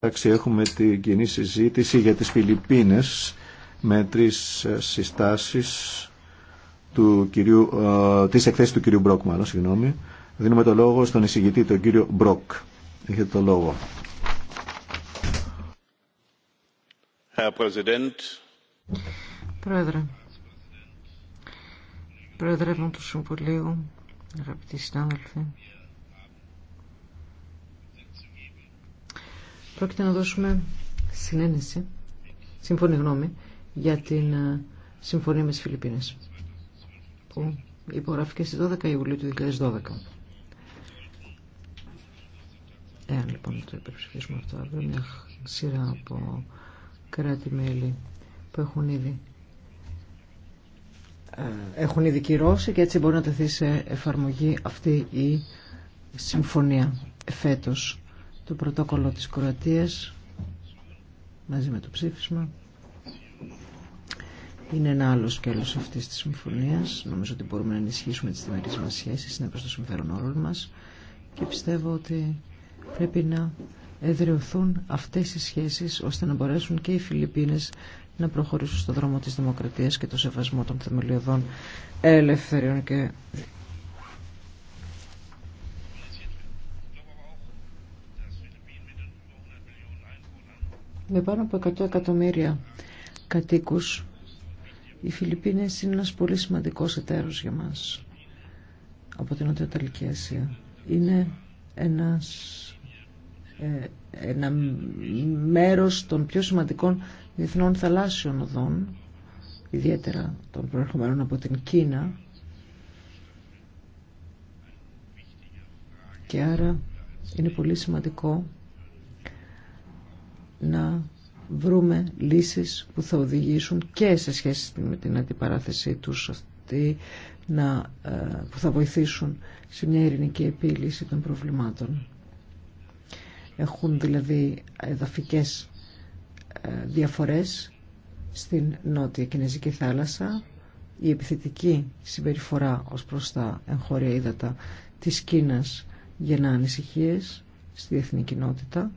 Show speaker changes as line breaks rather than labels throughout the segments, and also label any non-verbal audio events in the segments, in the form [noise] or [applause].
Εντάξει, έχουμε την κοινή συζήτηση για τις Φιλιππίνες με τρεις ε, συστάσεις του κυρίου, ε, της εκθέσης του κυρίου Μπρόκ μάλλον, συγγνώμη. Δίνουμε το λόγο στον εισηγητή, τον κύριο Μπρόκ. Έχετε το λόγο.
Πρόεδρε, Πρόεδρε του Συμβουλίου, αγαπητοί συνάδελφοι, Πρόκειται να δώσουμε συνένεση, σύμφωνη γνώμη, για την ε, συμφωνία με τις Φιλιππίνες, που υπογράφηκε στις 12 Ιουλίου του 2012. Εάν λοιπόν το υπερψηφίσουμε αυτό, αύριο μια σειρά από κράτη-μέλη που έχουν ήδη ε, έχουν ήδη κυρώσει και έτσι μπορεί να τεθεί σε εφαρμογή αυτή η συμφωνία φέτος το πρωτόκολλο της Κροατίας μαζί με το ψήφισμα είναι ένα άλλο σκέλος αυτής της συμφωνίας νομίζω ότι μπορούμε να ενισχύσουμε τις δημιουργίες μας σχέσεις είναι προς το συμφέρον όλων μας και πιστεύω ότι πρέπει να εδραιωθούν αυτές οι σχέσεις ώστε να μπορέσουν και οι Φιλιππίνες να προχωρήσουν στον δρόμο της δημοκρατίας και το σεβασμό των θεμελιωδών ελευθεριών και με πάνω από 100 εκατομμύρια κατοίκους. Οι Φιλιππίνες είναι ένας πολύ σημαντικός εταίρος για μας από την Ουτεοταλική Ασία. Είναι ένας ε, ένα μέρος των πιο σημαντικών διεθνών θαλάσσιων οδών, ιδιαίτερα των προερχομένων από την Κίνα. Και άρα είναι πολύ σημαντικό να βρούμε λύσεις που θα οδηγήσουν και σε σχέση με την αντιπαράθεσή τους αυτή να, ε, που θα βοηθήσουν σε μια ειρηνική επίλυση των προβλημάτων. Έχουν δηλαδή εδαφικές ε, διαφορές στην νότια Κινέζικη θάλασσα η επιθετική συμπεριφορά ως προς τα εγχώρια ύδατα της Κίνας να ανησυχίες στη διεθνή κοινότητα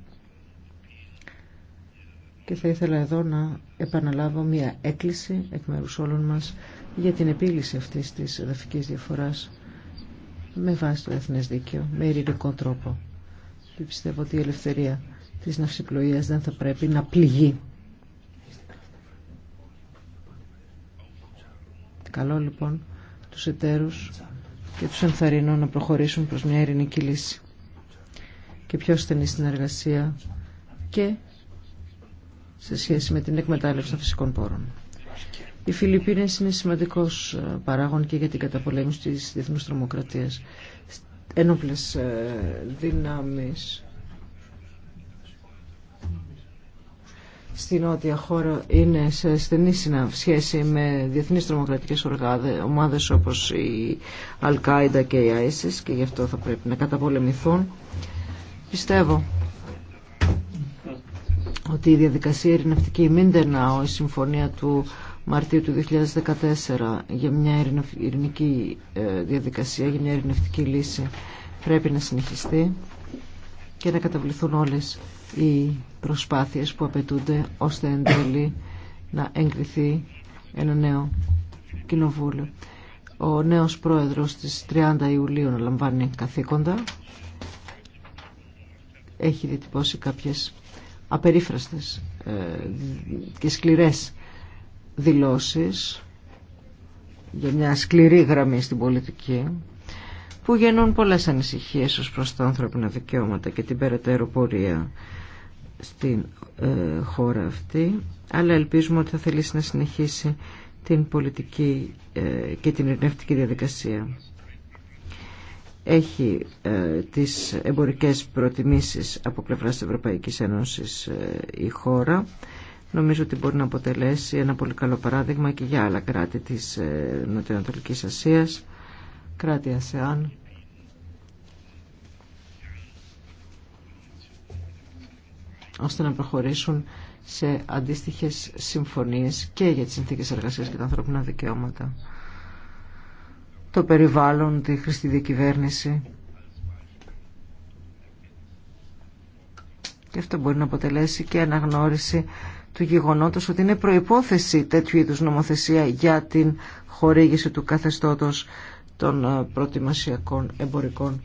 και θα ήθελα εδώ να επαναλάβω μια έκκληση εκ μέρους όλων μας για την επίλυση αυτής της εδαφικής διαφοράς με βάση το εθνές δίκαιο, με ειρηνικό τρόπο. Και πιστεύω ότι η ελευθερία της ναυσιπλοείας δεν θα πρέπει να πληγεί. Καλό λοιπόν τους εταίρους και τους ενθαρρύνω να προχωρήσουν προς μια ειρηνική λύση και πιο στενή συνεργασία και σε σχέση με την εκμετάλλευση των φυσικών πόρων. Οι Φιλιππίνες είναι σημαντικός ε, παράγον και για την καταπολέμηση της διεθνούς τρομοκρατίας. Ένοπλες ε, δυνάμεις στη νότια χώρα είναι σε στενή σχέση με διεθνείς τρομοκρατικές ομάδες όπως η Αλ-Κάιντα και η ISIS και γι' αυτό θα πρέπει να καταπολεμηθούν. Πιστεύω ότι η διαδικασία ειρηνευτική Μίντεναο, η συμφωνία του Μαρτίου του 2014 για μια ειρηνική ε, διαδικασία, για μια ειρηνευτική λύση πρέπει να συνεχιστεί και να καταβληθούν όλες οι προσπάθειες που απαιτούνται ώστε εν τέλει να εγκριθεί ένα νέο κοινοβούλιο. Ο νέος πρόεδρος της 30 Ιουλίου να λαμβάνει καθήκοντα. Έχει διατυπώσει κάποιες απερίφραστες ε, και σκληρές δηλώσεις για μια σκληρή γραμμή στην πολιτική που γεννούν πολλές ανησυχίες ως προς τα ανθρώπινα δικαιώματα και την περαιτέρω πορεία στην ε, χώρα αυτή αλλά ελπίζουμε ότι θα θελήσει να συνεχίσει την πολιτική ε, και την ειρηνευτική διαδικασία έχει ε, τις εμπορικές προτιμήσεις από πλευράς της Ευρωπαϊκής Ένωσης ε, η χώρα νομίζω ότι μπορεί να αποτελέσει ένα πολύ καλό παράδειγμα και για άλλα κράτη της ε, Νοτιοανατολικής Ασίας κράτη ΑΣΕΑΝ ώστε να προχωρήσουν σε αντίστοιχες συμφωνίες και για τις συνθήκες εργασίας και τα ανθρώπινα δικαιώματα το περιβάλλον, τη χρηστή κυβέρνηση. Και αυτό μπορεί να αποτελέσει και αναγνώριση του γεγονότος ότι είναι προϋπόθεση τέτοιου είδους νομοθεσία για την χορήγηση του καθεστώτος των ε, προτιμασιακών εμπορικών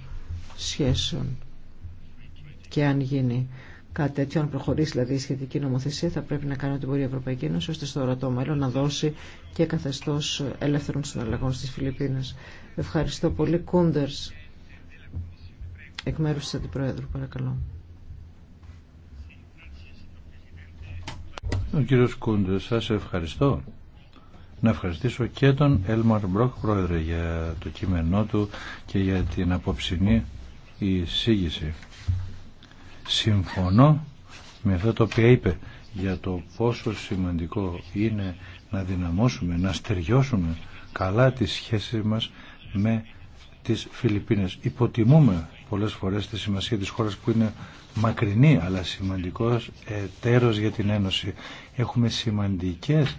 σχέσεων. Και αν γίνει κάτι τέτοιο, αν προχωρήσει δηλαδή η σχετική νομοθεσία, θα πρέπει να κάνει ό,τι μπορεί η Ευρωπαϊκή Ένωση, ώστε στο ορατό μέλλον να δώσει και καθεστώ ελεύθερων συναλλαγών στι Φιλιππίνε. Ευχαριστώ πολύ. Κούντερ, εκ μέρου τη Αντιπροέδρου, παρακαλώ.
Ο κύριος Κούντερ, σα ευχαριστώ. Να ευχαριστήσω και τον Έλμαρ Μπροκ, πρόεδρε, για το κείμενό του και για την απόψινή εισήγηση συμφωνώ με αυτό το οποίο είπε για το πόσο σημαντικό είναι να δυναμώσουμε, να στεριώσουμε καλά τις σχέσεις μας με τις Φιλιππίνες. Υποτιμούμε πολλές φορές τη σημασία της χώρας που είναι μακρινή αλλά σημαντικός εταίρος για την Ένωση. Έχουμε σημαντικές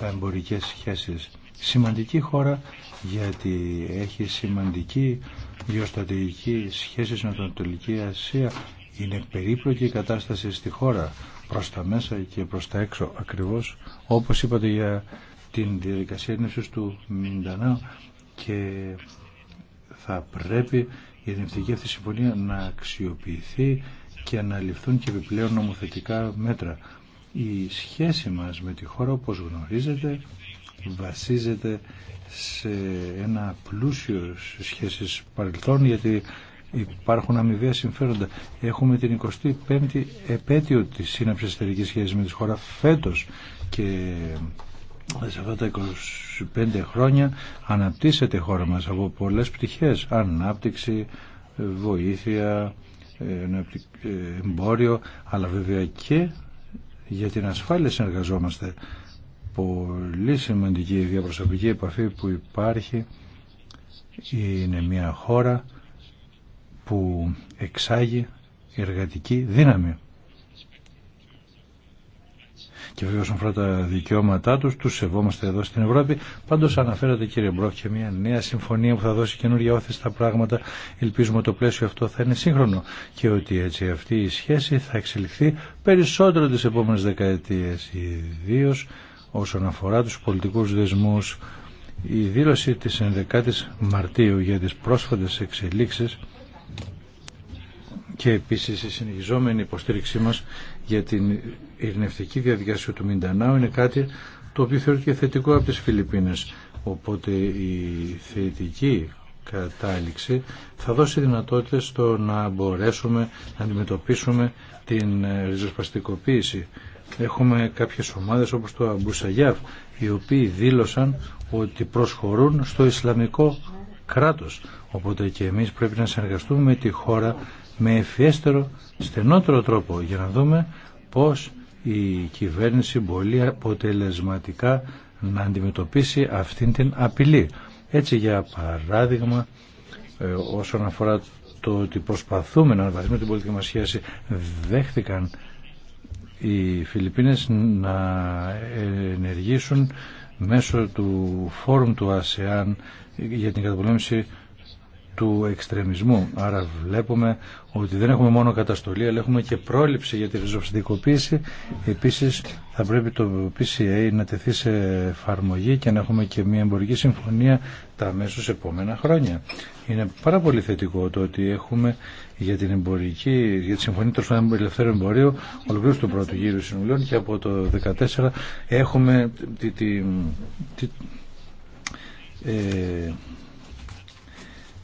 εμπορικές σχέσεις. Σημαντική χώρα γιατί έχει σημαντική γεωστατηγική σχέση την Ανατολική Ασία είναι περίπλοκη η κατάσταση στη χώρα προς τα μέσα και προς τα έξω ακριβώς όπως είπατε για την διαδικασία του Μιντανάου και θα πρέπει η ενευτική αυτή συμφωνία να αξιοποιηθεί και να ληφθούν και επιπλέον νομοθετικά μέτρα. Η σχέση μας με τη χώρα όπως γνωρίζετε βασίζεται σε ένα πλούσιο σχέσεις παρελθόν γιατί Υπάρχουν αμοιβαία συμφέροντα. Έχουμε την 25η επέτειο τη σύναψη εταιρική σχέση με τη χώρα φέτο και σε αυτά τα 25 χρόνια αναπτύσσεται η χώρα μας από πολλέ πτυχέ, ανάπτυξη, βοήθεια εμπόριο αλλά βέβαια και για την ασφάλεια συνεργαζόμαστε πολύ σημαντική η διαπροσωπική επαφή που υπάρχει είναι μια χώρα που εξάγει εργατική δύναμη. Και βέβαια όσον αφορά τα δικαιώματά τους, τους σεβόμαστε εδώ στην Ευρώπη. Πάντως αναφέρατε κύριε Μπρόκ και μια νέα συμφωνία που θα δώσει καινούργια όθηση στα πράγματα. Ελπίζουμε το πλαίσιο αυτό θα είναι σύγχρονο και ότι έτσι αυτή η σχέση θα εξελιχθεί περισσότερο τις επόμενες δεκαετίες. ιδίω όσον αφορά τους πολιτικούς δεσμούς, η δήλωση της 11ης Μαρτίου για τις πρόσφατες εξελίξεις και επίσης η συνεχιζόμενη υποστήριξή μας για την ειρηνευτική διαδικασία του Μιντανάου είναι κάτι το οποίο θεωρείται θετικό από τις Φιλιππίνες. Οπότε η θετική κατάληξη θα δώσει δυνατότητες στο να μπορέσουμε να αντιμετωπίσουμε την ε, ριζοσπαστικοποίηση. Έχουμε κάποιες ομάδες όπως το Αμπουσαγιάβ οι οποίοι δήλωσαν ότι προσχωρούν στο Ισλαμικό κράτος. Οπότε και εμείς πρέπει να συνεργαστούμε με τη χώρα με ευφιέστερο, στενότερο τρόπο για να δούμε πώς η κυβέρνηση μπορεί αποτελεσματικά να αντιμετωπίσει αυτήν την απειλή. Έτσι για παράδειγμα ε, όσον αφορά το ότι προσπαθούμε να αναβαθμίσουμε την πολιτική μας σχέση δέχτηκαν οι Φιλιππίνες να ενεργήσουν μέσω του φόρουμ του ΑΣΕΑΝ για την καταπολέμηση του εξτρεμισμού. Άρα βλέπουμε ότι δεν έχουμε μόνο καταστολή, αλλά έχουμε και πρόληψη για τη ριζοψηδικοποίηση. Επίσης θα πρέπει το PCA να τεθεί σε εφαρμογή και να έχουμε και μια εμπορική συμφωνία τα αμέσω επόμενα χρόνια. Είναι πάρα πολύ θετικό το ότι έχουμε για την εμπορική, για τη συμφωνία του ελευθέρου εμπορίου, ολοκλήρωση του πρώτου γύρου συνολών και από το 2014 έχουμε τη, τη, τη ε,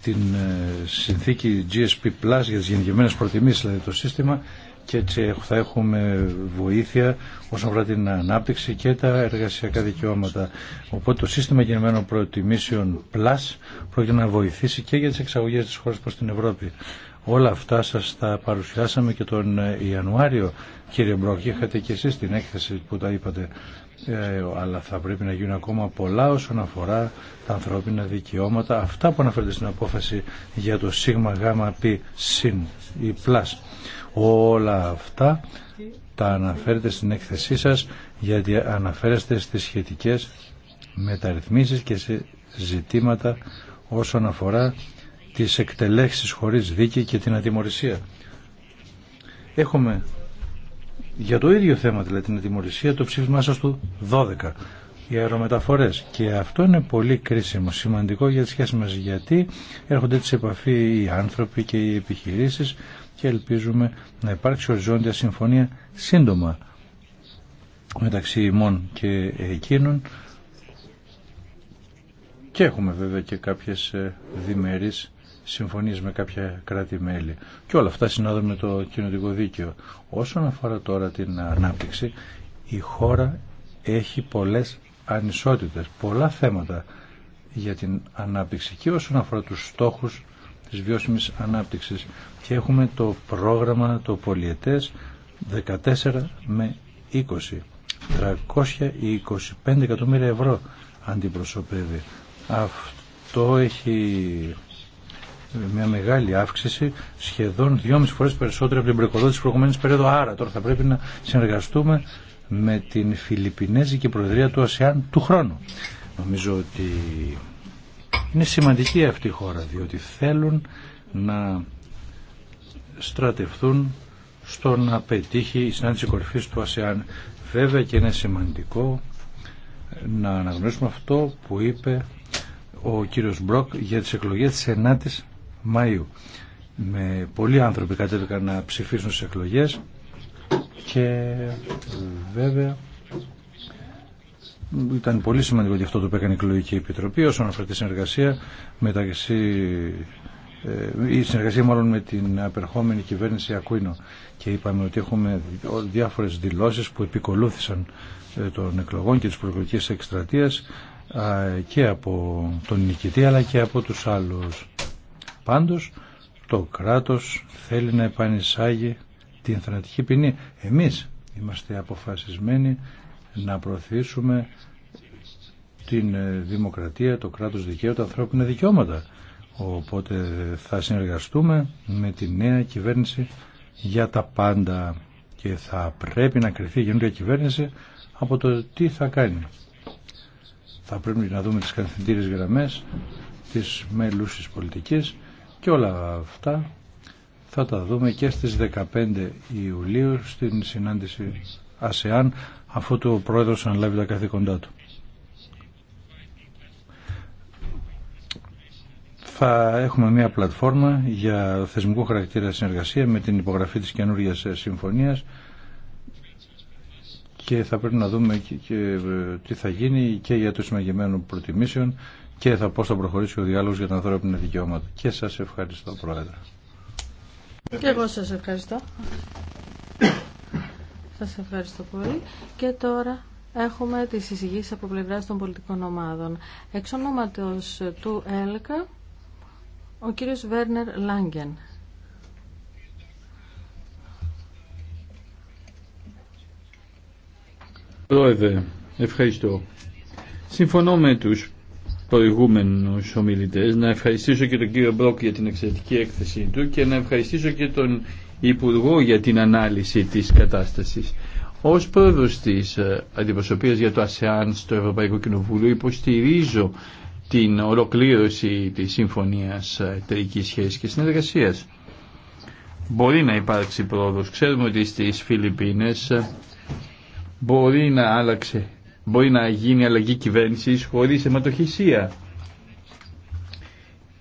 την ε, συνθήκη GSP Plus για τις γενικευμένες προτιμήσεις, δηλαδή το σύστημα και έτσι θα έχουμε βοήθεια όσον αφορά την ανάπτυξη και τα εργασιακά δικαιώματα. Οπότε το σύστημα γενικευμένων προτιμήσεων Plus πρόκειται να βοηθήσει και για τις εξαγωγές της χώρας προς την Ευρώπη. Όλα αυτά σας τα παρουσιάσαμε και τον Ιανουάριο, κύριε Μπρόκ, είχατε και εσείς την έκθεση που τα είπατε. Ε, αλλά θα πρέπει να γίνουν ακόμα πολλά όσον αφορά τα ανθρώπινα δικαιώματα αυτά που αναφέρεται στην απόφαση για το σίγμα γάμα πι συν ή πλάς όλα αυτά τα αναφέρετε στην έκθεσή σας γιατί αναφέρεστε στις σχετικές μεταρρυθμίσεις και σε ζητήματα όσον αφορά τις εκτελέξεις χωρίς δίκη και την ατιμορρησία. Έχουμε για το ίδιο θέμα, δηλαδή την ετοιμορρυσία, το ψήφισμά σας του 12 οι αερομεταφορές και αυτό είναι πολύ κρίσιμο, σημαντικό για τη σχέση μας γιατί έρχονται σε επαφή οι άνθρωποι και οι επιχειρήσεις και ελπίζουμε να υπάρξει οριζόντια συμφωνία σύντομα μεταξύ ημών και εκείνων και έχουμε βέβαια και κάποιες ε, διμερείς συμφωνίες με κάποια κράτη-μέλη. Και όλα αυτά συνάδουν με το κοινωτικό δίκαιο. Όσον αφορά τώρα την ανάπτυξη, η χώρα έχει πολλές ανισότητες, πολλά θέματα για την ανάπτυξη και όσον αφορά τους στόχους της βιώσιμης ανάπτυξης. Και έχουμε το πρόγραμμα το πολιετές 14 με 20. 325 εκατομμύρια ευρώ αντιπροσωπεύει. Αυτό έχει μια μεγάλη αύξηση, σχεδόν 2,5 φορές περισσότερο από την προηγουμένη της προηγουμένης περίοδου. Άρα τώρα θα πρέπει να συνεργαστούμε με την Φιλιππινέζικη Προεδρία του ΑΣΕΑΝ του χρόνου. Νομίζω ότι είναι σημαντική αυτή η χώρα, διότι θέλουν να στρατευτούν στο να πετύχει η συνάντηση κορυφής του ΑΣΕΑΝ. Βέβαια και είναι σημαντικό να αναγνωρίσουμε αυτό που είπε ο κύριος Μπροκ για τις εκλογές της 9 Μαΐου. Με πολλοί άνθρωποι κατέβηκαν να ψηφίσουν στις εκλογές και βέβαια ήταν πολύ σημαντικό και αυτό το έκανε η εκλογική επιτροπή όσον αφορά τη συνεργασία μεταξύ ε, η συνεργασία μάλλον με την απερχόμενη κυβέρνηση Ακουίνο και είπαμε ότι έχουμε διάφορες δηλώσεις που επικολούθησαν ε, των εκλογών και της προεκλογικής εκστρατείας και από τον νικητή αλλά και από τους άλλους. Πάντως το κράτος θέλει να επανεισάγει την θανατική ποινή. Εμείς είμαστε αποφασισμένοι να προωθήσουμε την ε, δημοκρατία, το κράτος δικαίου, τα ανθρώπινα δικαιώματα. Οπότε θα συνεργαστούμε με τη νέα κυβέρνηση για τα πάντα και θα πρέπει να κρυθεί η καινούργια κυβέρνηση από το τι θα κάνει. Θα πρέπει να δούμε τις καθημερινές γραμμές της μελούσης πολιτικής και όλα αυτά θα τα δούμε και στις 15 Ιουλίου στην συνάντηση ΑΣΕΑΝ αφού το πρόεδρος αναλάβει τα καθήκοντά του. Θα έχουμε μια πλατφόρμα για θεσμικό χαρακτήρα συνεργασία με την υπογραφή της καινούργιας συμφωνίας και θα πρέπει να δούμε και, ε, τι θα γίνει και για το συμμαγεμένο προτιμήσεων και θα πώς θα προχωρήσει ο διάλογος για τα ανθρώπινα δικαιώματα. Και σας ευχαριστώ Πρόεδρε.
Και εγώ σας ευχαριστώ. Σας ευχαριστώ πολύ. Και τώρα έχουμε τη συζήτηση από πλευράς των πολιτικών ομάδων. Εξ ονόματος του ΕΛΚΑ, ο κύριος Βέρνερ Λάγκεν.
Πρόεδρε, ευχαριστώ. Συμφωνώ με τους Προηγούμενου ομιλητέ, να ευχαριστήσω και τον κύριο Μπρόκ για την εξαιρετική έκθεσή του και να ευχαριστήσω και τον Υπουργό για την ανάλυση της κατάστασης. Ως πρόεδρος τη ε, αντιπροσωπείας για το ΑΣΕΑΝ στο Ευρωπαϊκό Κοινοβούλιο υποστηρίζω την ολοκλήρωση της Συμφωνίας Εταιρικής σχέση και Συνεργασίας. Μπορεί να υπάρξει πρόοδος. Ξέρουμε ότι στις Φιλιππίνες ε, μπορεί να άλλαξε μπορεί να γίνει αλλαγή κυβέρνηση χωρίς αιματοχυσία.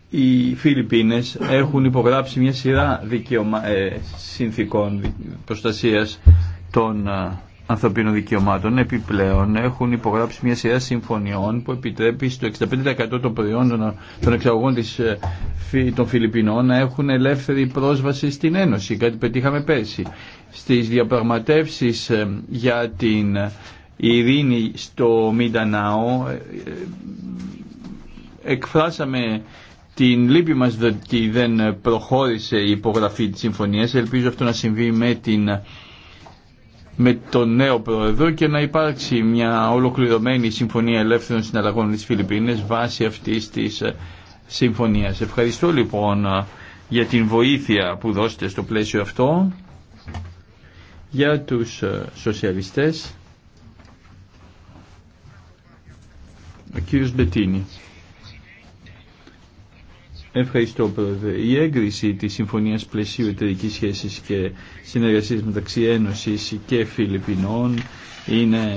Οι Φιλιππίνες έχουν υπογράψει μια σειρά δικαιωμα... Ε, συνθήκων προστασίας των ε, ανθρωπίνων δικαιωμάτων. Επιπλέον έχουν υπογράψει μια σειρά συμφωνιών που επιτρέπει στο 65% των προϊόντων των εξαγωγών της, ε, των Φιλιππινών να έχουν ελεύθερη πρόσβαση στην Ένωση, κάτι πετύχαμε πέρσι. Στις διαπραγματεύσεις για την η ειρήνη στο Μιντανάο. Ε, ε, εκφράσαμε την λύπη μας ότι δεν προχώρησε η υπογραφή της συμφωνίας. Ελπίζω αυτό να συμβεί με, την, με τον νέο πρόεδρο και να υπάρξει μια ολοκληρωμένη συμφωνία ελεύθερων συναλλαγών της Φιλιππίνες βάσει αυτής της ε, συμφωνίας. Ευχαριστώ λοιπόν για την βοήθεια που δώσετε στο πλαίσιο αυτό για τους σοσιαλιστές. κύριος Μπετίνη. Ευχαριστώ, Πρόεδρε. Η έγκριση τη Συμφωνία Πλαισίου Εταιρική Σχέση και Συνεργασία μεταξύ Ένωση και Φιλιππινών είναι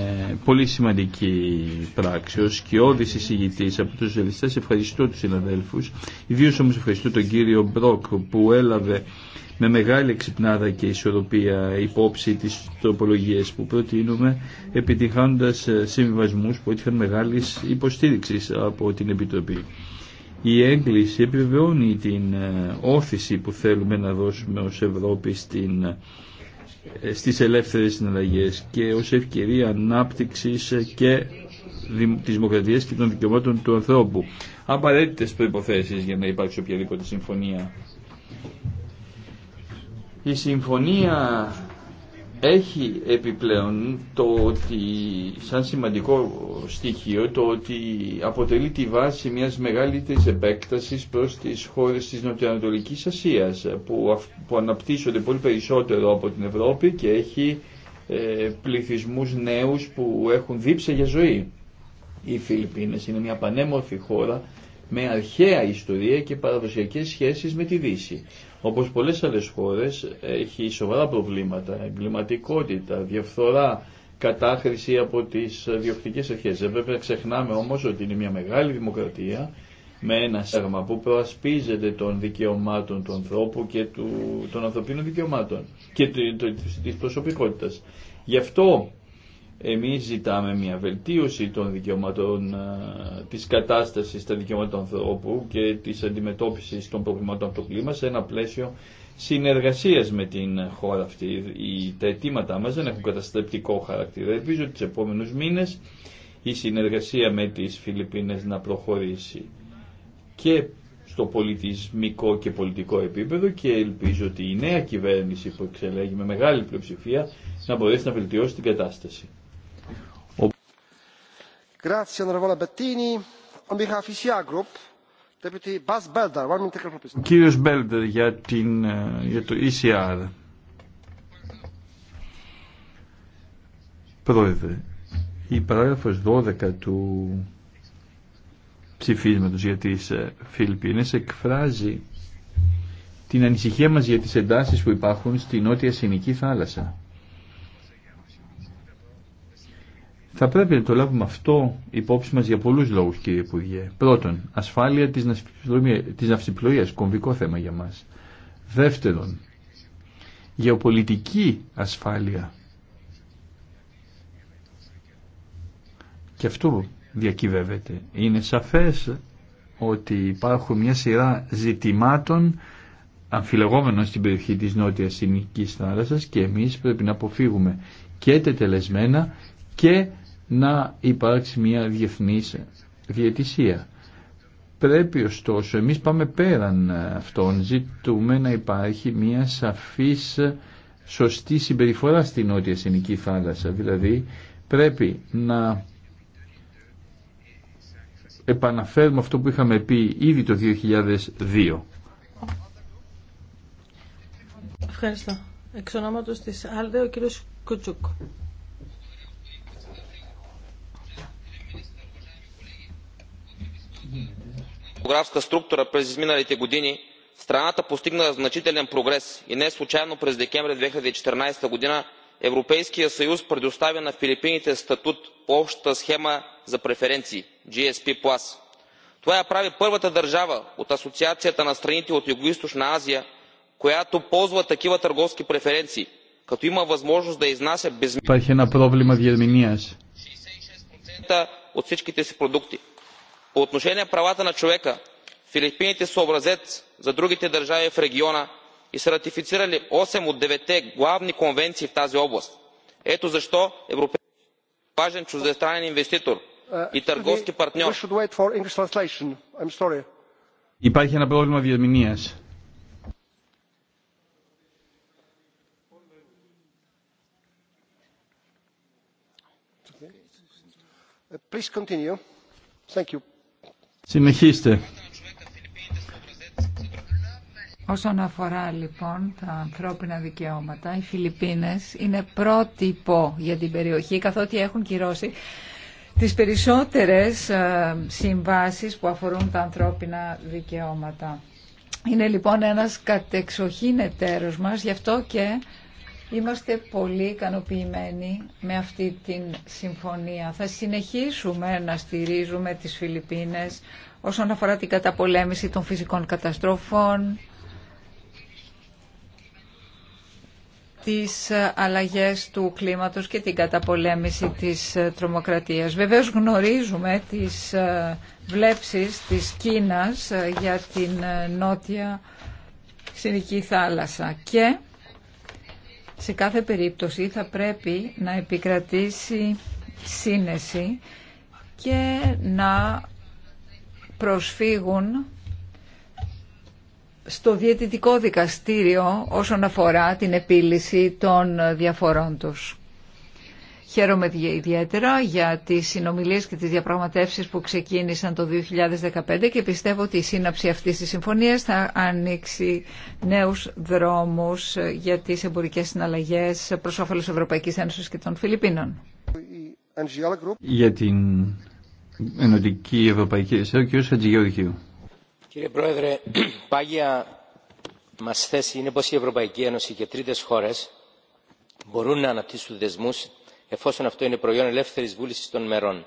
πολύ σημαντική πράξη. Ω σκιώδη εισηγητή από του Ζελιστέ, ευχαριστώ του συναδέλφου. Ιδίω όμω ευχαριστώ τον κύριο Μπρόκ που έλαβε με μεγάλη ξυπνάδα και ισορροπία υπόψη τις τροπολογίες που προτείνουμε, επιτυχάνοντας ε, συμβιβασμούς που έτυχαν μεγάλης υποστήριξης από την Επιτροπή. Η έγκληση επιβεβαιώνει την ε, όθηση που θέλουμε να δώσουμε ως Ευρώπη στην ε, στις ελεύθερες συναλλαγές και ως ευκαιρία ανάπτυξης και της δημοκρατίας και των δικαιωμάτων του ανθρώπου. Απαραίτητες προϋποθέσεις για να υπάρξει οποιαδήποτε συμφωνία η συμφωνία έχει επιπλέον το ότι, σαν σημαντικό στοιχείο, το ότι αποτελεί τη βάση μιας μεγαλύτερης επέκτασης προς τις χώρες της Νοτιοανατολικής Ασίας, που, που αναπτύσσονται πολύ περισσότερο από την Ευρώπη και έχει ε, πληθυσμούς νέους που έχουν δίψα για ζωή. Οι Φιλιππίνες είναι μια πανέμορφη χώρα με αρχαία ιστορία και παραδοσιακές σχέσεις με τη Δύση. Όπως πολλές άλλες χώρες έχει σοβαρά προβλήματα, εγκληματικότητα, διαφθορά, κατάχρηση από τις διοκτικές αρχές. πρέπει ε, να ξεχνάμε όμως ότι είναι μια μεγάλη δημοκρατία με ένα σέρμα που προασπίζεται των δικαιωμάτων του ανθρώπου και του, των ανθρωπίνων δικαιωμάτων και της προσωπικότητας. Γι' αυτό εμείς ζητάμε μια βελτίωση των δικαιωμάτων, ε, της κατάστασης των δικαιωμάτων του ανθρώπου και της αντιμετώπισης των προβλημάτων του κλίμα σε ένα πλαίσιο συνεργασίας με την χώρα αυτή. Τα αιτήματά μας δεν έχουν καταστρεπτικό χαρακτήρα. Ελπίζω ότι τους επόμενους μήνες η συνεργασία με τις Φιλιππίνες να προχωρήσει και στο πολιτισμικό και πολιτικό επίπεδο και ελπίζω ότι η νέα κυβέρνηση που εξελέγει με μεγάλη πλειοψηφία να μπορέσει να βελτιώσει την κατάσταση. Κύριος Μπέλντερ για, ε, για το ECR. Πρόεδρε, η παράγραφος 12 του ψηφίσματος για τις ε, Φιλιππίνες εκφράζει την ανησυχία μας για τις εντάσεις που υπάρχουν στη Νότια Συνική Θάλασσα. Θα πρέπει να το λάβουμε αυτό υπόψη μα για πολλού λόγου, κύριε Υπουργέ. Πρώτον, ασφάλεια της ναυσιπλοεία, κομβικό θέμα για μας. Δεύτερον, γεωπολιτική ασφάλεια. Και αυτό διακυβεύεται. Είναι σαφές ότι υπάρχουν μια σειρά ζητημάτων αμφιλεγόμενων στην περιοχή της Νότιας Συνικής Θάλασσας και εμείς πρέπει να αποφύγουμε και τετελεσμένα και να υπάρξει μια διεθνής διαιτησία. Πρέπει ωστόσο, εμείς πάμε πέραν αυτών, ζητούμε να υπάρχει μια σαφής σωστή συμπεριφορά στη Νότια Συνική Θάλασσα. Δηλαδή πρέπει να επαναφέρουμε αυτό που είχαμε πει ήδη το 2002.
Ευχαριστώ. Εξ ονόματος της Άλδε, ο κύριος Κουτσούκ.
демографска структура през изминалите години страната постигна значителен прогрес и неслучайно през декември 2014 г. европейският съюз предостави на филипините статут по общата схема за преференции gsp. това я прави първата държава от асоциацията на страните от югоизточна азия която ползва такива търговски преференции като има възможност да изнася безмитно
66%
от всичките си продукти по отношение правата на човека филипините са образец за другите държави в региона и са ратифицирали 8 от 9-те главни конвенции в тази област. ето защо европейският съюз е важен чуждестранен инвеститор и търговски партньор.
Υπάρχει ένα πρόβλημα
Please continue. Thank you.
Συνεχίστε.
Όσον αφορά λοιπόν τα ανθρώπινα δικαιώματα, οι Φιλιππίνες είναι πρότυπο για την περιοχή, καθότι έχουν κυρώσει τις περισσότερες ε, συμβάσεις που αφορούν τα ανθρώπινα δικαιώματα. Είναι λοιπόν ένας κατεξοχήν εταίρος μας, γι' αυτό και Είμαστε πολύ ικανοποιημένοι με αυτή την συμφωνία. Θα συνεχίσουμε να στηρίζουμε τις Φιλιππίνες όσον αφορά την καταπολέμηση των φυσικών καταστροφών, τις αλλαγές του κλίματος και την καταπολέμηση της τρομοκρατίας. Βεβαίως γνωρίζουμε τις ε, βλέψεις της Κίνας ε, για την ε, νότια Συνική θάλασσα και σε κάθε περίπτωση θα πρέπει να επικρατήσει σύνεση και να προσφύγουν στο διαιτητικό δικαστήριο όσον αφορά την επίλυση των διαφορών τους. Χαίρομαι ιδιαίτερα για τις συνομιλίες και τις διαπραγματεύσεις που ξεκίνησαν το 2015 και πιστεύω ότι η σύναψη αυτής της συμφωνίας θα ανοίξει νέους δρόμους για τις εμπορικές συναλλαγές προς όφελος Ευρωπαϊκής Ένωσης και των Φιλιππίνων.
Για την Ενωτική Ευρωπαϊκή Ένωση ο κ. Χατζηγεωργίου.
Κύριε Πρόεδρε, πάγια μας θέση είναι πως η Ευρωπαϊκή Ένωση και τρίτες χώρες μπορούν να αναπτύσσουν δεσμούς εφόσον αυτό είναι προϊόν ελεύθερη βούληση των μερών.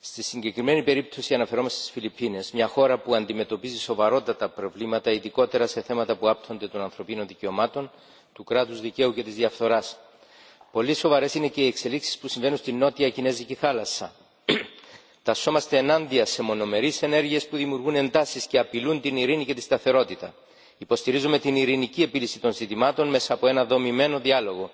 Στη συγκεκριμένη περίπτωση αναφερόμαστε στι Φιλιππίνε, μια χώρα που αντιμετωπίζει σοβαρότατα προβλήματα, ειδικότερα σε θέματα που άπτονται των ανθρωπίνων δικαιωμάτων, του κράτου δικαίου και τη διαφθορά. Πολύ σοβαρέ είναι και οι εξελίξει που συμβαίνουν στη νότια Κινέζικη θάλασσα. [clears throat] Τασσόμαστε ενάντια σε μονομερεί ενέργειε που δημιουργούν εντάσει και απειλούν την ειρήνη και τη σταθερότητα. Υποστηρίζουμε την ειρηνική επίλυση των ζητημάτων μέσα από ένα δομημένο διάλογο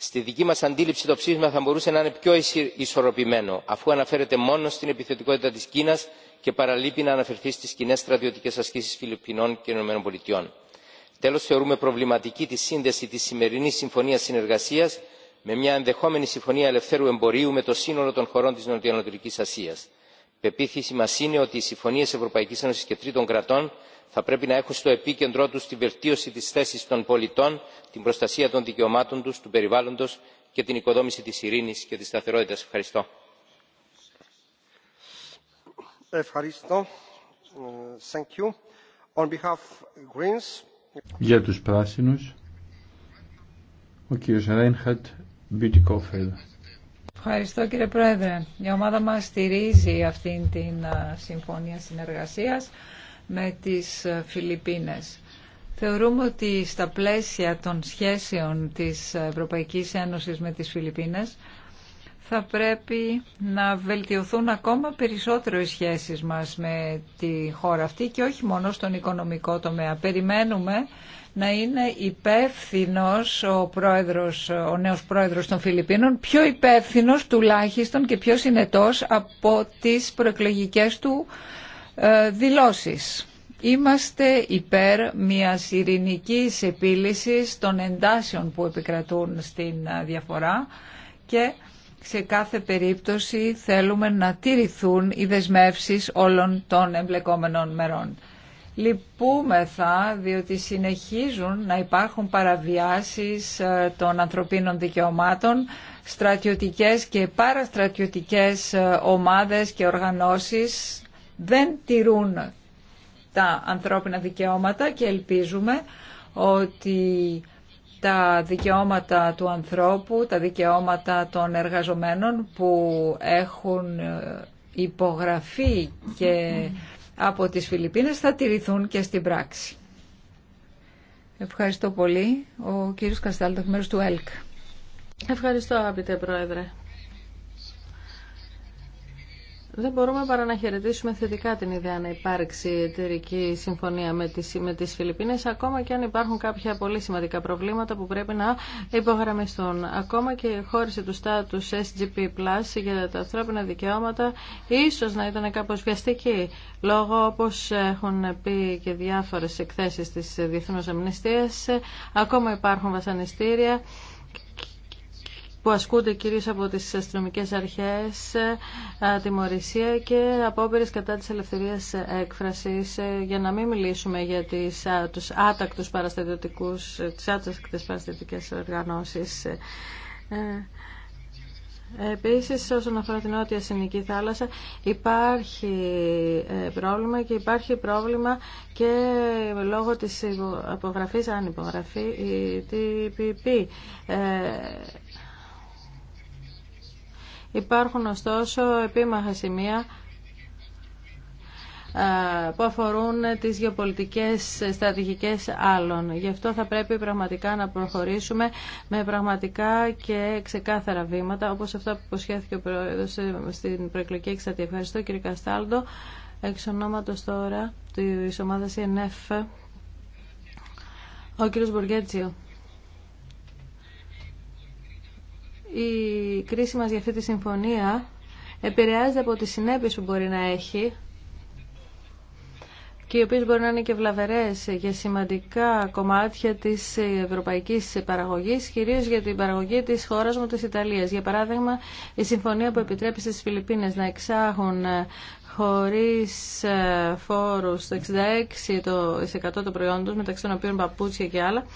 Στη δική μα αντίληψη, το ψήφισμα θα μπορούσε να είναι πιο ισορροπημένο, αφού αναφέρεται μόνο στην επιθετικότητα τη Κίνα και παραλείπει να αναφερθεί στις κοινέ στρατιωτικέ ασκήσει Φιλιππινών και ΗΠΑ. Τέλο, θεωρούμε προβληματική τη σύνδεση τη σημερινή συμφωνία συνεργασία με μια ενδεχόμενη συμφωνία ελευθέρου εμπορίου με το σύνολο των χωρών τη Νοτιοανατολική Ασία πεποίθηση μα είναι ότι οι συμφωνίε ευρωπαϊκή ένωση και τρίτων κρατών θα πρέπει να έχουν στο επίκεντρό του τη βελτίωση τη θέση των πολιτών την προστασία των δικαιωμάτων του του περιβάλλοντο και την οικοδόμηση τη ειρήνη και τη σταθερότητα. ευχαριστώ. ευχαριστώ. Thank you. On behalf Greens... Για
τους πράσινους, ο κύριος
Ευχαριστώ κύριε Πρόεδρε. Η ομάδα μας στηρίζει αυτήν την συμφωνία συνεργασίας με τις Φιλιππίνες. Θεωρούμε ότι στα πλαίσια των σχέσεων της Ευρωπαϊκής Ένωσης με τις Φιλιππίνες θα πρέπει να βελτιωθούν ακόμα περισσότερο οι σχέσεις μας με τη χώρα αυτή και όχι μόνο στον οικονομικό τομέα. Περιμένουμε να είναι υπεύθυνο ο, πρόεδρος, ο νέος πρόεδρος των Φιλιππίνων, πιο υπεύθυνο τουλάχιστον και πιο συνετός από τις προεκλογικές του ε, δηλώσεις. Είμαστε υπέρ μιας ειρηνικής επίλυσης των εντάσεων που επικρατούν στην ε, διαφορά και σε κάθε περίπτωση θέλουμε να τηρηθούν οι δεσμεύσεις όλων των εμπλεκόμενων μερών. Λυπούμεθα διότι συνεχίζουν να υπάρχουν παραβιάσεις ε, των ανθρωπίνων δικαιωμάτων, στρατιωτικές και παραστρατιωτικές ε, ομάδες και οργανώσεις δεν τηρούν τα ανθρώπινα δικαιώματα και ελπίζουμε ότι τα δικαιώματα του ανθρώπου, τα δικαιώματα των εργαζομένων που έχουν ε, υπογραφεί και από τις Φιλιππίνες θα τηρηθούν και στην πράξη. Ευχαριστώ πολύ. Ο κύριος Καστάλτο, μέρος του ΕΛΚ.
Ευχαριστώ αγαπητέ Πρόεδρε. Δεν μπορούμε παρά να χαιρετήσουμε θετικά την ιδέα να υπάρξει εταιρική συμφωνία με τις, με τις Φιλιππίνες, ακόμα και αν υπάρχουν κάποια πολύ σημαντικά προβλήματα που πρέπει να υπογραμμιστούν. Ακόμα και η χώριση του στάτου SGP Plus για τα ανθρώπινα δικαιώματα ίσως να ήταν κάπως βιαστική, λόγω όπως έχουν πει και διάφορες εκθέσεις της Διεθνούς Αμνηστίας, ακόμα υπάρχουν βασανιστήρια που ασκούνται κυρίως από τις αστυνομικές αρχές, ε, τιμωρησία και απόπειρες κατά της ελευθερίας έκφρασης, ε, για να μην μιλήσουμε για τις, τους άτακτους παραστατιωτικούς, ε, τις άτακτες παραστατικές οργανώσεις. Επίσης, όσον αφορά την νότια συνική θάλασσα, υπάρχει πρόβλημα και υπάρχει πρόβλημα και λόγω της απογραφής, αν υπογραφή, η TPP. Υπάρχουν ωστόσο επίμαχα σημεία που αφορούν τις γεωπολιτικές στρατηγικές άλλων. Γι' αυτό θα πρέπει πραγματικά να προχωρήσουμε με πραγματικά και ξεκάθαρα βήματα, όπως αυτά που υποσχέθηκε ο Πρόεδρος στην προεκλογική εκστατεία. Ευχαριστώ κύριε Καστάλντο. Εξ ονόματος τώρα της ομάδας ΕΝΕΦ, ο κύριος Μποργέτσιο. η κρίση μας για αυτή τη συμφωνία επηρεάζεται από τις συνέπειες που μπορεί να έχει και οι οποίες μπορεί να είναι και βλαβερές για σημαντικά κομμάτια της ευρωπαϊκής παραγωγής, κυρίως για την παραγωγή της χώρας μου της Ιταλίας. Για παράδειγμα, η συμφωνία που επιτρέπει στις Φιλιππίνες να εξάγουν χωρίς ε, φόρους το 66% το, των προϊόντων, μεταξύ των οποίων παπούτσια και άλλα,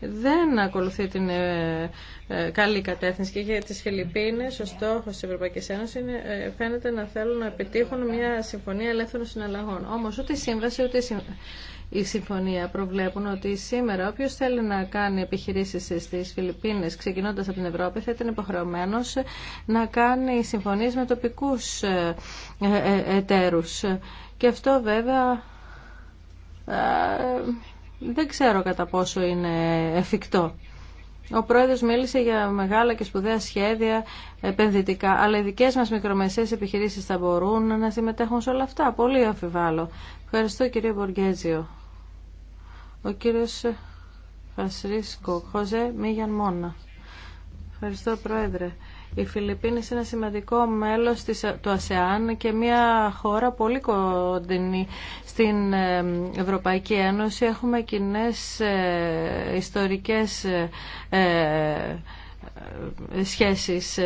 δεν ακολουθεί την ε, ε, καλή κατεύθυνση και για τις Φιλιππίνες ο στόχος της Ευρωπαϊκής Ένωσης είναι, φαίνεται να θέλουν να επιτύχουν μια συμφωνία ελεύθερων συναλλαγών. Όμως ούτε η σύμβαση ούτε η η συμφωνία προβλέπουν ότι σήμερα όποιος θέλει να κάνει επιχειρήσεις στις Φιλιππίνες ξεκινώντας από την Ευρώπη θα ήταν υποχρεωμένος να κάνει συμφωνίες με τοπικούς ε, ε, ε, εταίρους. Και αυτό βέβαια δεν ξέρω κατά πόσο είναι εφικτό. Ο πρόεδρος μίλησε για μεγάλα και σπουδαία σχέδια επενδυτικά, αλλά οι δικές μας μικρομεσαίες επιχειρήσεις θα μπορούν να συμμετέχουν σε όλα αυτά. Πολύ αφιβάλλω. Ευχαριστώ κύριε Μποργέζιο. Ο κύριος Φασρίσκο Χωζέ Μίγιαν Μόνα. Ευχαριστώ Πρόεδρε. Οι Φιλιππίνες είναι ένα σημαντικό μέλος της, του ΑΣΕΑΝ και μια χώρα πολύ κοντινή στην ε, Ευρωπαϊκή Ένωση. Έχουμε κοινέ ε, ιστορικές ε, σχέσεις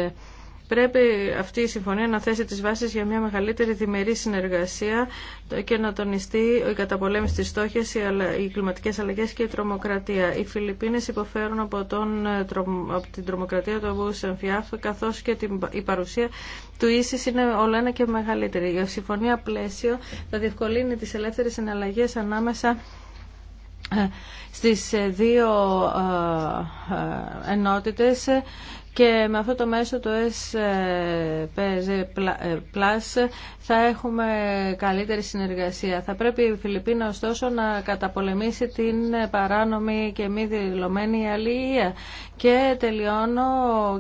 Πρέπει αυτή η συμφωνία να θέσει τις βάσεις για μια μεγαλύτερη διμερή συνεργασία και να τονιστεί η καταπολέμηση της στόχης, οι κλιματικές αλλαγές και η τρομοκρατία. Οι Φιλιππίνες υποφέρουν από, τον, ε, από την τρομοκρατία του Αβού Σεμφιάφ, καθώς και την, η παρουσία του ίσης είναι όλο ένα και μεγαλύτερη. Η συμφωνία πλαίσιο θα διευκολύνει τις ελεύθερες συναλλαγές ανάμεσα ε, στις ε, δύο ενότητες και με αυτό το μέσο το SPZ ε, Plus θα έχουμε καλύτερη συνεργασία. Θα πρέπει η Φιλιππίνα ωστόσο να καταπολεμήσει την παράνομη και μη δηλωμένη αλληλεία. Και τελειώνω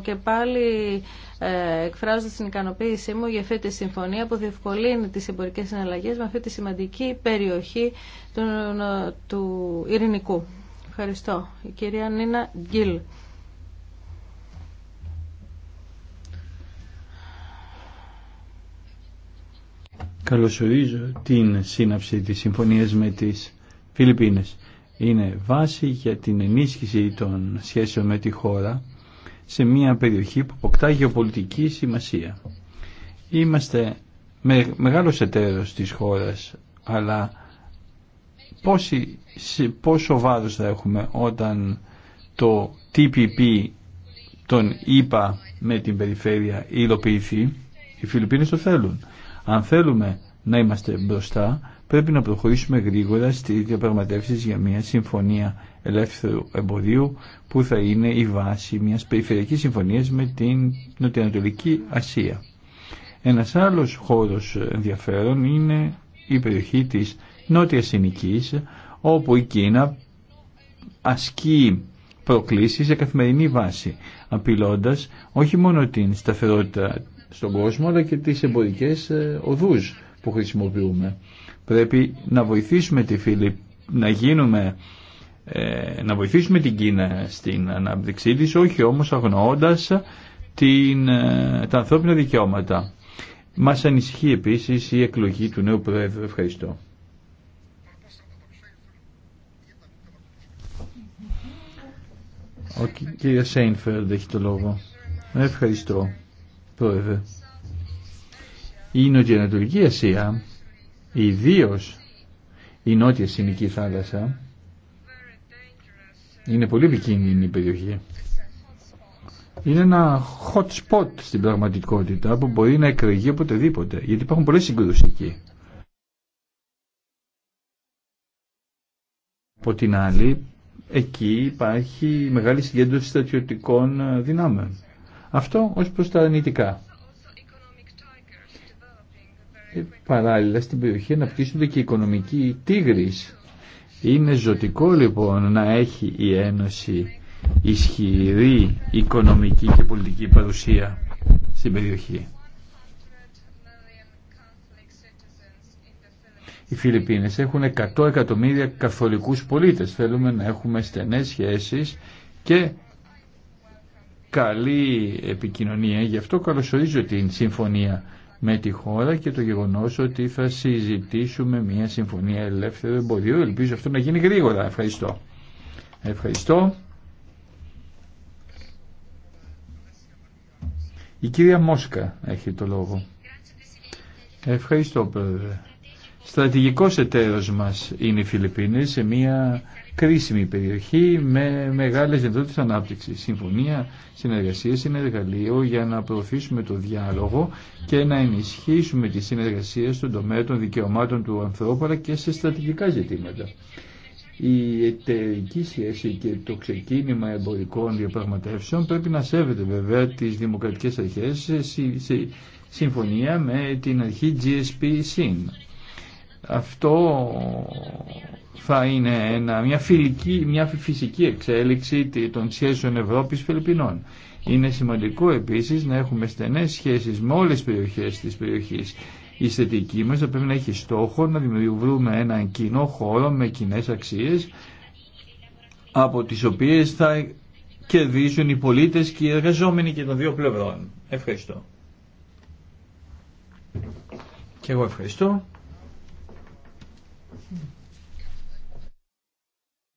και πάλι ε, εκφράζω την ικανοποίησή μου για αυτή τη συμφωνία που διευκολύνει τις εμπορικές συναλλαγές με αυτή τη σημαντική περιοχή του, του Ειρηνικού. Ευχαριστώ. Η κυρία Νίνα Γκίλ.
Καλωσορίζω την σύναψη της συμφωνίας με τις Φιλιππίνες. Είναι βάση για την ενίσχυση των σχέσεων με τη χώρα σε μια περιοχή που αποκτά γεωπολιτική σημασία. Είμαστε με, μεγάλος εταίρος της χώρας, αλλά πόσο βάρος θα έχουμε όταν το TPP τον ΙΠΑ με την περιφέρεια υλοποιηθεί, οι Φιλιππίνες το θέλουν. Αν θέλουμε να είμαστε μπροστά, πρέπει να προχωρήσουμε γρήγορα στι διαπραγματεύσει για μια συμφωνία ελεύθερου εμποδίου που θα είναι η βάση μια περιφερειακή συμφωνία με την Νοτιοανατολική Ασία. Ένα άλλο χώρο ενδιαφέρον είναι η περιοχή της Νότιας Συνικής, όπου η Κίνα ασκεί προκλήσεις σε καθημερινή βάση, απειλώντας όχι μόνο την σταθερότητα στον κόσμο αλλά και τις εμπορικές ε, οδούς που χρησιμοποιούμε. Πρέπει να βοηθήσουμε τη φίλη, να γίνουμε ε, να βοηθήσουμε την Κίνα στην ανάπτυξή της, όχι όμως αγνοώντας την, ε, τα ανθρώπινα δικαιώματα. Μας ανησυχεί επίσης η εκλογή του νέου Πρόεδρου. Ευχαριστώ. Ο κ. Σέινφερντ έχει το λόγο. Ευχαριστώ. Η Νοτιοανατολική Ασία, ιδίω η Νότια Συνική Θάλασσα, είναι πολύ επικίνδυνη η περιοχή. Είναι ένα hot spot στην πραγματικότητα που μπορεί να εκρηγεί οποτεδήποτε, γιατί υπάρχουν πολλές συγκρούσεις εκεί. Από την άλλη, εκεί υπάρχει μεγάλη συγκέντρωση στρατιωτικών δυνάμεων. Αυτό ως προς τα αρνητικά. Ε, παράλληλα στην περιοχή αναπτύσσονται και οικονομικοί τίγρεις. Είναι ζωτικό λοιπόν να έχει η Ένωση ισχυρή οικονομική και πολιτική παρουσία στην περιοχή. Οι Φιλιππίνες έχουν 100 εκατομμύρια καθολικούς πολίτες. Θέλουμε να έχουμε στενές σχέσεις και καλή επικοινωνία. Γι' αυτό καλωσορίζω την συμφωνία με τη χώρα και το γεγονός ότι θα συζητήσουμε μια συμφωνία ελεύθερου εμποδίου. Ελπίζω αυτό να γίνει γρήγορα. Ευχαριστώ. Ευχαριστώ. Η κυρία Μόσκα έχει το λόγο. Ευχαριστώ, πρόεδρε. Στρατηγικός εταίρος μας είναι οι Φιλιππίνες σε μια κρίσιμη περιοχή με μεγάλες δυνατότητες ανάπτυξης. Συμφωνία συνεργασία είναι εργαλείο για να προωθήσουμε το διάλογο και να ενισχύσουμε τη συνεργασία στον τομέα των δικαιωμάτων του ανθρώπου αλλά και σε στρατηγικά ζητήματα. Η εταιρική σχέση και το ξεκίνημα εμπορικών διαπραγματεύσεων πρέπει να σέβεται βέβαια τις δημοκρατικές αρχές σε συμφωνία με την αρχή GSP-SYN. Αυτό θα είναι μια, φιλική, μια φυσική εξέλιξη των σχέσεων Ευρώπης-Φελπινών. Είναι σημαντικό επίσης να έχουμε στενές σχέσεις με όλες τις περιοχές της περιοχής. Η θετική μας θα πρέπει να έχει στόχο να δημιουργούμε έναν κοινό χώρο με κοινέ αξίες από τις οποίες θα κερδίσουν οι πολίτες και οι εργαζόμενοι και των δύο πλευρών. Ευχαριστώ. Και εγώ ευχαριστώ.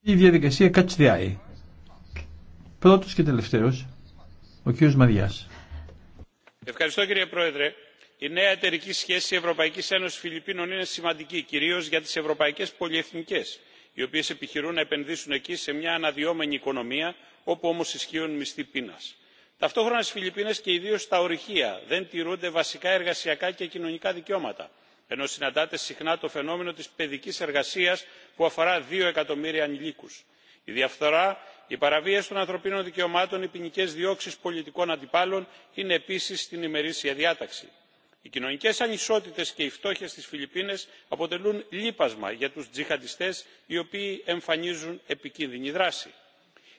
Η διαδικασία eye. Πρώτος και τελευταίος, ο κ. Μαριάς.
Ευχαριστώ κύριε Πρόεδρε. Η νέα εταιρική σχέση Ευρωπαϊκής Ένωση Φιλιππίνων είναι σημαντική, κυρίω για τις ευρωπαϊκές πολυεθνικές, οι οποίες επιχειρούν να επενδύσουν εκεί σε μια αναδυόμενη οικονομία, όπου όμως ισχύουν μισθή πείνα. Ταυτόχρονα στις Φιλιππίνες και ιδίω στα ορυχεία δεν τηρούνται βασικά εργασιακά και κοινωνικά δικαιώματα ενώ συναντάται συχνά το φαινόμενο της παιδικής εργασίας που αφορά δύο εκατομμύρια ανηλίκους. η διαφθορά η παραβίαση των ανθρωπίνων δικαιωμάτων οι ποινικέ διώξεις πολιτικών αντιπάλων είναι επίση στην ημερήσια διάταξη. οι κοινωνικές ανισότητες και οι φτώχεια στις φιλιππίνες αποτελούν λύπασμα για τους τζιχαντιστές οι οποίοι εμφανίζουν επικίνδυνη δράση.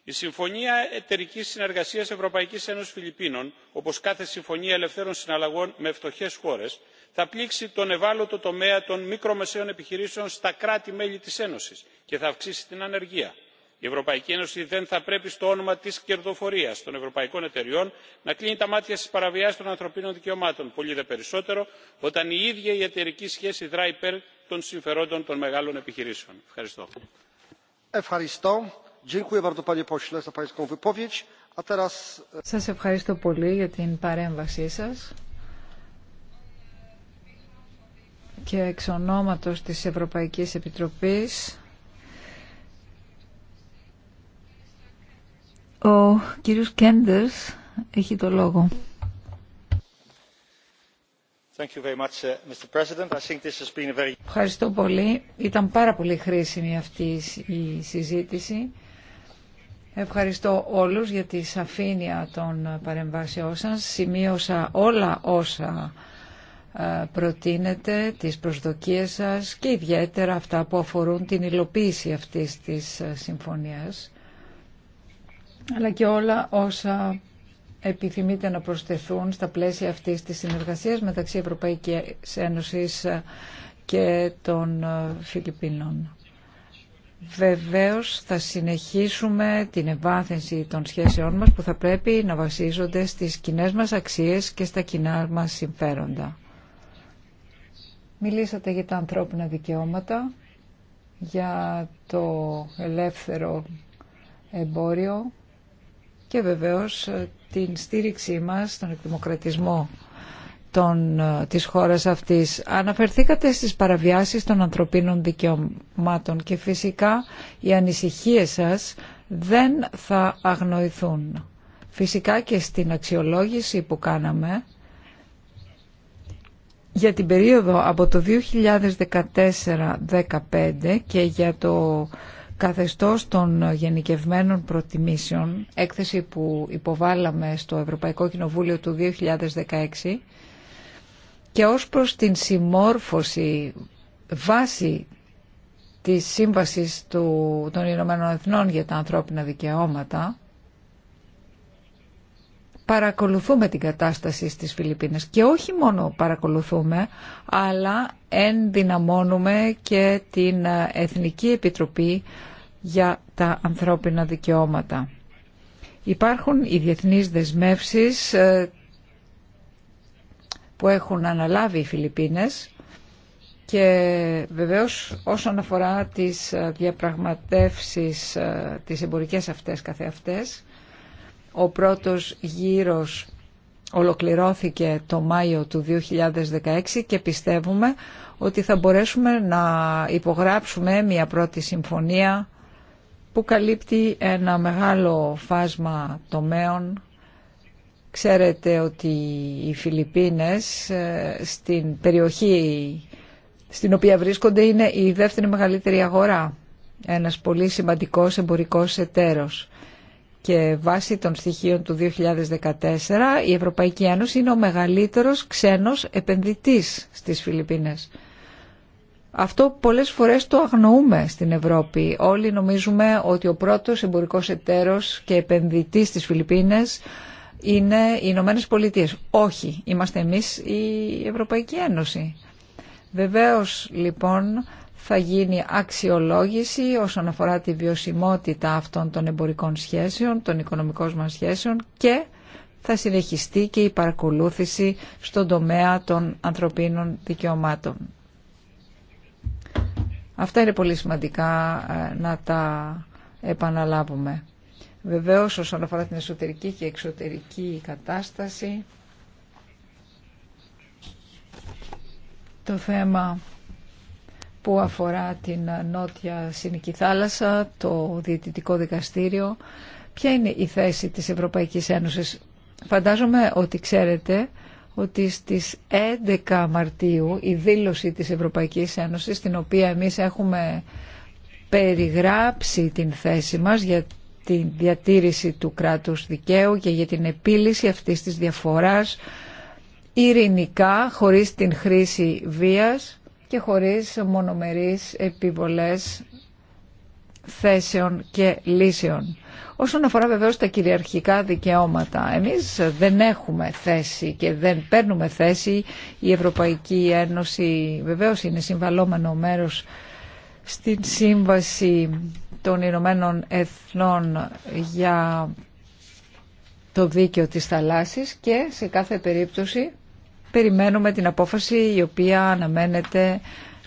η συμφωνία εταιρικής συνεργασίας ευρωπαϊκής ένωσης φιλιππίνων όπως κάθε συμφωνία ελευθέρων συναλλαγών με φτωχές χώρες θα πλήξει τον ευάλωτο τομέα των μικρομεσαίων επιχειρήσεων στα κράτη μέλη της ένωσης και θα αυξήσει την ανεργία. η ευρωπαϊκή ένωση δεν θα πρέπει στο όνομα της κερδοφορίας των ευρωπαϊκών εταιριών να κλείνει τα μάτια στις παραβιάσεις των ανθρωπίνων δικαιωμάτων πολύ δε περισσότερο όταν η ίδια η εταιρική σχέση δρά υπέρ των συμφερόντων των μεγάλων επιχειρήσεων.
ευχαριστώ. την
παρέμβασή και εξ ονόματος της Ευρωπαϊκής Επιτροπής ο κύριος Κέντερς έχει το λόγο. Ευχαριστώ πολύ. Ήταν πάρα πολύ χρήσιμη αυτή η συζήτηση. Ευχαριστώ όλους για τη σαφήνεια των παρεμβάσεών σας. Σημείωσα όλα όσα ε, προτείνετε, τις προσδοκίες σας και ιδιαίτερα αυτά που αφορούν την υλοποίηση αυτής της ε, συμφωνίας αλλά και όλα όσα επιθυμείτε να προσθεθούν στα πλαίσια αυτής της συνεργασίας μεταξύ Ευρωπαϊκής Ένωσης ε, και των Φιλιππίνων. Βεβαίως θα συνεχίσουμε την ευάθυνση των σχέσεών μας που θα πρέπει να βασίζονται στις κοινέ μας αξίες και στα κοινά μας συμφέροντα. Μιλήσατε για τα ανθρώπινα δικαιώματα, για το ελεύθερο εμπόριο και βεβαίως ε, την στήριξή μας στον εκδημοκρατισμό των, ε, της χώρας αυτής. Αναφερθήκατε στις παραβιάσεις των ανθρωπίνων δικαιωμάτων και φυσικά οι ανησυχίες σας δεν θα αγνοηθούν. Φυσικά και στην αξιολόγηση που κάναμε για την περίοδο από το 2014-15 και για το καθεστώς των γενικευμένων προτιμήσεων, έκθεση που υποβάλαμε στο Ευρωπαϊκό Κοινοβούλιο του 2016 και ως προς την συμμόρφωση βάση της Σύμβασης του, των Ηνωμένων Εθνών για τα ανθρώπινα δικαιώματα παρακολουθούμε την κατάσταση στις Φιλιππίνες και όχι μόνο παρακολουθούμε αλλά ενδυναμώνουμε και την ε, Εθνική Επιτροπή για τα ανθρώπινα δικαιώματα. Υπάρχουν οι διεθνείς δεσμεύσεις ε, που έχουν αναλάβει οι Φιλιππίνες και βεβαίως όσον αφορά τις ε, διαπραγματεύσεις, τις εμπορικές αυτές καθεαυτές, ο πρώτος γύρος ολοκληρώθηκε το Μάιο του 2016 και πιστεύουμε ότι θα μπορέσουμε να υπογράψουμε μια πρώτη συμφωνία που καλύπτει ένα μεγάλο φάσμα τομέων. Ξέρετε ότι οι Φιλιππίνες ε, στην περιοχή στην οποία βρίσκονται είναι η δεύτερη μεγαλύτερη αγορά, ένας πολύ σημαντικός εμπορικός εταίρος και βάσει των στοιχείων του 2014 η Ευρωπαϊκή Ένωση είναι ο μεγαλύτερος ξένος επενδυτής στις Φιλιππίνες. Αυτό πολλές φορές το αγνοούμε στην Ευρώπη. Όλοι νομίζουμε ότι ο πρώτος εμπορικός εταίρος και επενδυτής στις Φιλιππίνες είναι οι Ηνωμένε Πολιτείες. Όχι, είμαστε εμείς η Ευρωπαϊκή Ένωση. Βεβαίως λοιπόν θα γίνει αξιολόγηση όσον αφορά τη βιωσιμότητα αυτών των εμπορικών σχέσεων, των οικονομικών μας σχέσεων και θα συνεχιστεί και η παρακολούθηση στον τομέα των ανθρωπίνων δικαιωμάτων. Αυτά είναι πολύ σημαντικά ε, να τα επαναλάβουμε. Βεβαίως όσον αφορά την εσωτερική και εξωτερική κατάσταση, το θέμα που αφορά την Νότια Συνική Θάλασσα, το Διαιτητικό Δικαστήριο. Ποια είναι η θέση της Ευρωπαϊκής Ένωσης. Φαντάζομαι ότι ξέρετε ότι στις 11 Μαρτίου η δήλωση της Ευρωπαϊκής Ένωσης, την οποία εμείς έχουμε περιγράψει την θέση μας για τη διατήρηση του κράτους δικαίου και για την επίλυση αυτής της διαφοράς ειρηνικά, χωρίς την χρήση βίας, και χωρίς μονομερείς επιβολές θέσεων και λύσεων. Όσον αφορά βεβαίως τα κυριαρχικά δικαιώματα, εμείς δεν έχουμε θέση και δεν παίρνουμε θέση. Η Ευρωπαϊκή Ένωση βεβαίως είναι συμβαλόμενο μέρος στην Σύμβαση των Ηνωμένων Εθνών για το δίκαιο της θαλάσσης και σε κάθε περίπτωση περιμένουμε την απόφαση η οποία αναμένεται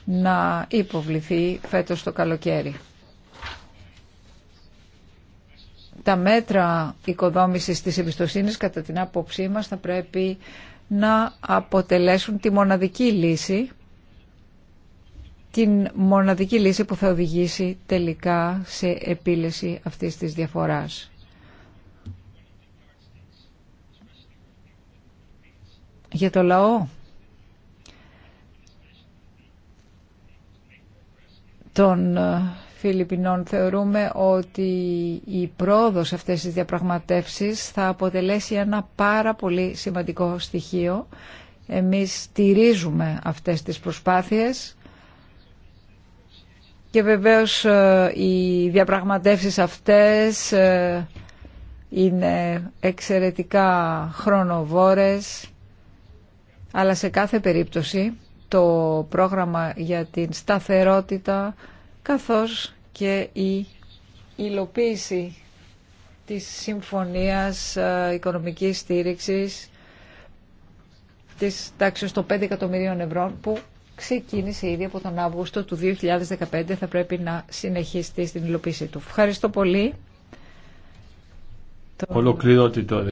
να υποβληθεί φέτος το καλοκαίρι. Τα μέτρα οικοδόμησης της εμπιστοσύνης κατά την άποψή μας θα πρέπει να αποτελέσουν τη μοναδική λύση την μοναδική λύση που θα οδηγήσει τελικά σε επίλυση αυτής της διαφοράς. για το λαό. των ε, Φιλιππινών θεωρούμε ότι η πρόοδος αυτές τις διαπραγματεύσεις θα αποτελέσει ένα πάρα πολύ σημαντικό στοιχείο. Εμείς στηρίζουμε αυτές τις προσπάθειες και βεβαίως ε, οι διαπραγματεύσεις αυτές ε, είναι εξαιρετικά χρονοβόρες αλλά σε κάθε περίπτωση το πρόγραμμα για την σταθερότητα καθώς και η υλοποίηση της Συμφωνίας ε, Οικονομικής Στήριξης της τάξης των 5 εκατομμυρίων ευρώ που ξεκίνησε ήδη από τον Αύγουστο του 2015 θα πρέπει να συνεχίσει στην υλοποίησή του. Ευχαριστώ πολύ.
Ολοκληρώτη